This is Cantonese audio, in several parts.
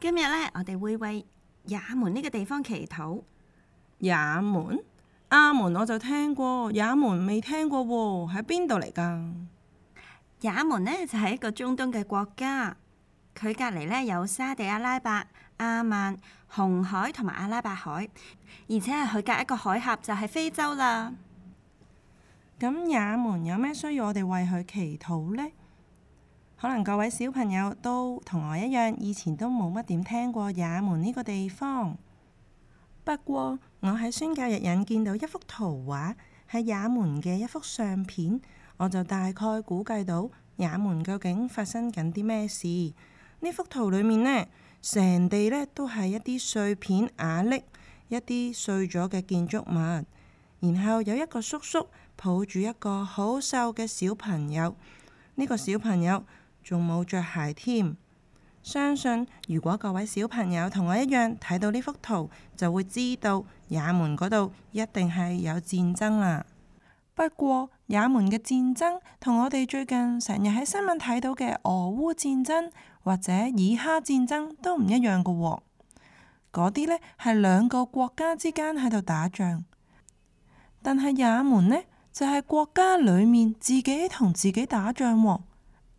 今日咧，我哋會為也門呢個地方祈禱。也門，阿門，我就聽過，也門未聽過喎，喺邊度嚟噶？也門咧就係一個中東嘅國家，佢隔籬咧有沙地阿拉伯、阿曼、紅海同埋阿拉伯海，而且係佢隔一個海峽就係非洲啦。咁也、嗯、門有咩需要我哋為佢祈禱咧？可能各位小朋友都同我一樣，以前都冇乜點聽過也門呢個地方。不過我喺宣教日引見到一幅圖畫係也門嘅一幅相片，我就大概估計到也門究竟發生緊啲咩事。呢幅圖裡面呢，成地呢都係一啲碎片瓦礫，一啲碎咗嘅建築物，然後有一個叔叔抱住一個好瘦嘅小朋友，呢個小朋友。仲冇着鞋添，相信如果各位小朋友同我一樣睇到呢幅圖，就會知道也門嗰度一定係有戰爭啦。不過也門嘅戰爭同我哋最近成日喺新聞睇到嘅俄烏戰爭或者以哈戰爭都唔一樣嘅喎，嗰啲呢係兩個國家之間喺度打仗，但係也門呢就係國家裏面自己同自己打仗。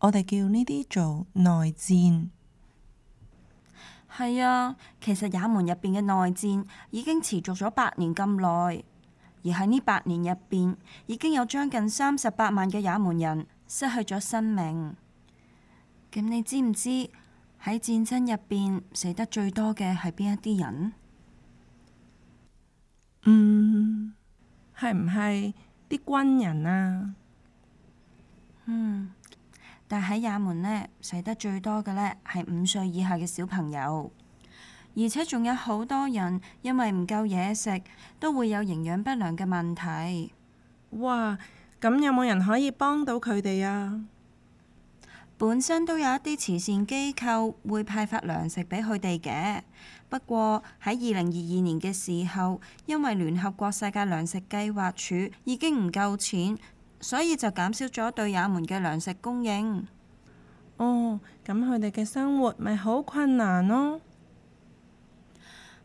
我哋叫呢啲做內戰。係啊，其實也門入邊嘅內戰已經持續咗八年咁耐，而喺呢八年入邊，已經有將近三十八萬嘅也門人失去咗生命。咁你知唔知喺戰爭入邊死得最多嘅係邊一啲人？嗯，係唔係啲軍人啊？嗯。但喺也門呢，死得最多嘅呢係五歲以下嘅小朋友，而且仲有好多人因為唔夠嘢食，都會有營養不良嘅問題。哇！咁有冇人可以幫到佢哋啊？本身都有一啲慈善機構會派發糧食俾佢哋嘅，不過喺二零二二年嘅時候，因為聯合國世界糧食計劃署已經唔夠錢。所以就減少咗對也門嘅糧食供應。哦，咁佢哋嘅生活咪好困難咯。哦。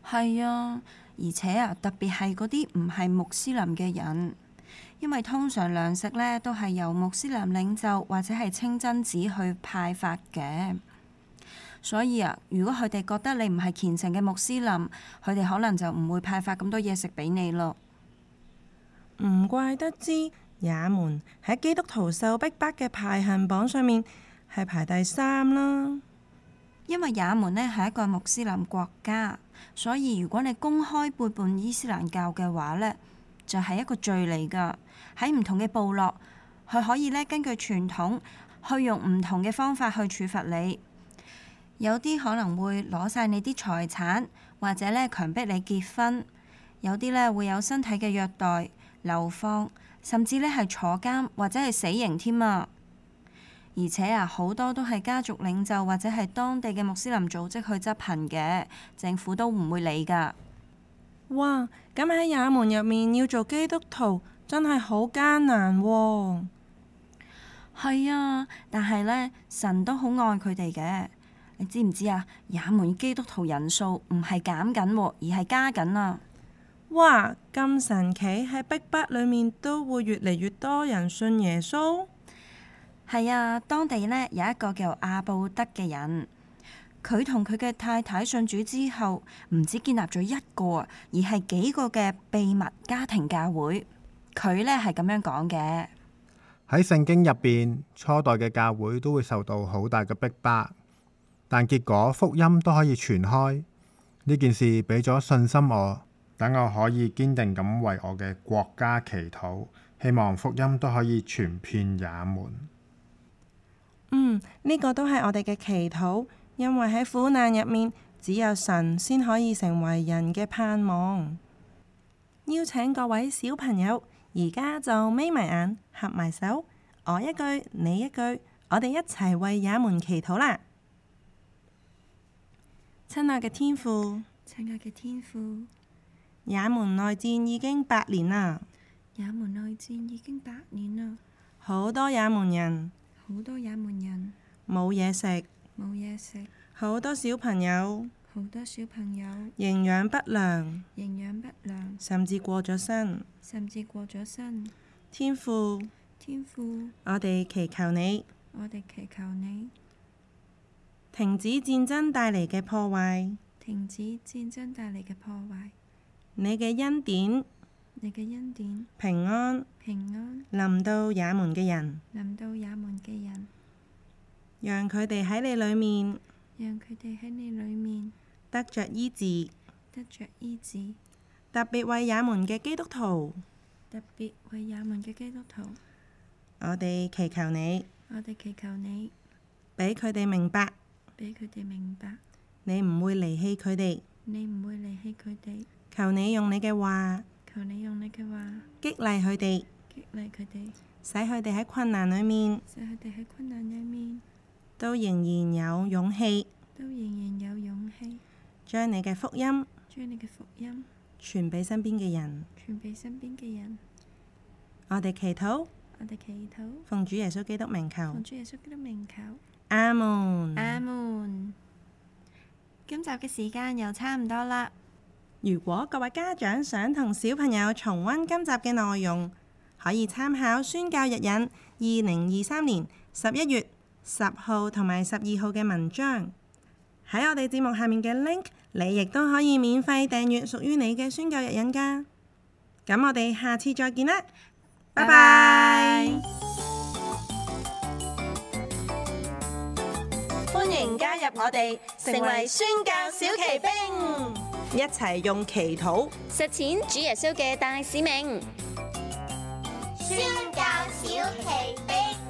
係啊，而且啊，特別係嗰啲唔係穆斯林嘅人，因為通常糧食呢都係由穆斯林領袖或者係清真寺去派發嘅。所以啊，如果佢哋覺得你唔係虔誠嘅穆斯林，佢哋可能就唔會派發咁多嘢食俾你咯。唔怪得之。也門喺基督徒受逼迫嘅排行榜上面係排第三啦。因為也門咧係一個穆斯林國家，所以如果你公開背叛伊斯蘭教嘅話呢就係一個罪嚟㗎。喺唔同嘅部落，佢可以咧根據傳統去用唔同嘅方法去處罰你。有啲可能會攞晒你啲財產，或者咧強迫你結婚；有啲呢會有身體嘅虐待、流放。甚至咧係坐監或者係死刑添啊！而且啊，好多都係家族領袖或者係當地嘅穆斯林組織去執行嘅，政府都唔會理㗎。哇！咁喺也門入面要做基督徒真係好艱難喎、啊。係啊，但係咧神都好愛佢哋嘅，你知唔知啊？也門基督徒人數唔係減緊，而係加緊啊！哇，咁神奇？喺逼迫裏面都會越嚟越多人信耶穌？係啊，當地呢有一個叫阿布德嘅人，佢同佢嘅太太信主之後，唔止建立咗一個，而係幾個嘅秘密家庭教會。佢呢係咁樣講嘅，喺聖經入邊，初代嘅教會都會受到好大嘅逼迫，但結果福音都可以傳開。呢件事俾咗信心我。等我可以堅定咁為我嘅國家祈禱，希望福音都可以傳遍也門。嗯，呢個都係我哋嘅祈禱，因為喺苦難入面，只有神先可以成為人嘅盼望。邀請各位小朋友，而家就眯埋眼，合埋手，我一句，你一句，我哋一齊為也門祈禱啦！親愛嘅天父，親愛嘅天父。也門內戰已經八年啦。也門內戰已經八年啦。好多也門人。好多也門人。冇嘢食。冇嘢食。好多小朋友。好多小朋友。營養不良。營養不良。甚至過咗身。甚至過咗身。天父。天父。我哋祈求你。我哋祈求你。停止戰爭帶嚟嘅破壞。停止戰爭帶嚟嘅破壞。你嘅恩典，你嘅恩典，平安，平安臨到也門嘅人，臨到也門嘅人，讓佢哋喺你裏面，讓佢哋喺你裏面得着醫治，得着醫治，特別為也門嘅基督徒，特別為也門嘅基督徒，我哋祈求你，我哋祈求你俾，佢哋明白，俾佢哋明白，你唔會離棄佢哋，你唔會離棄佢哋。求你用你嘅話，求你用你嘅話激勵佢哋，激勵佢哋使佢哋喺困難裏面，使佢哋喺困難裏面都仍然有勇氣，都仍然有勇氣將你嘅福音，將你嘅福音傳俾身邊嘅人，傳俾身邊嘅人。我哋祈禱，我哋祈禱，奉主耶穌基督名求，奉主耶穌基督名求。阿門，阿門。今集嘅時間又差唔多啦。如果各位家長想同小朋友重温今集嘅內容，可以參考《宣教日引》二零二三年十一月十號同埋十二號嘅文章。喺我哋節目下面嘅 link，你亦都可以免費訂閱屬於你嘅《宣教日引》㗎。咁我哋下次再見啦，拜拜！歡迎加入我哋，成為宣教小奇兵。一齊用祈禱實踐主耶穌嘅大使命，宣教小奇兵。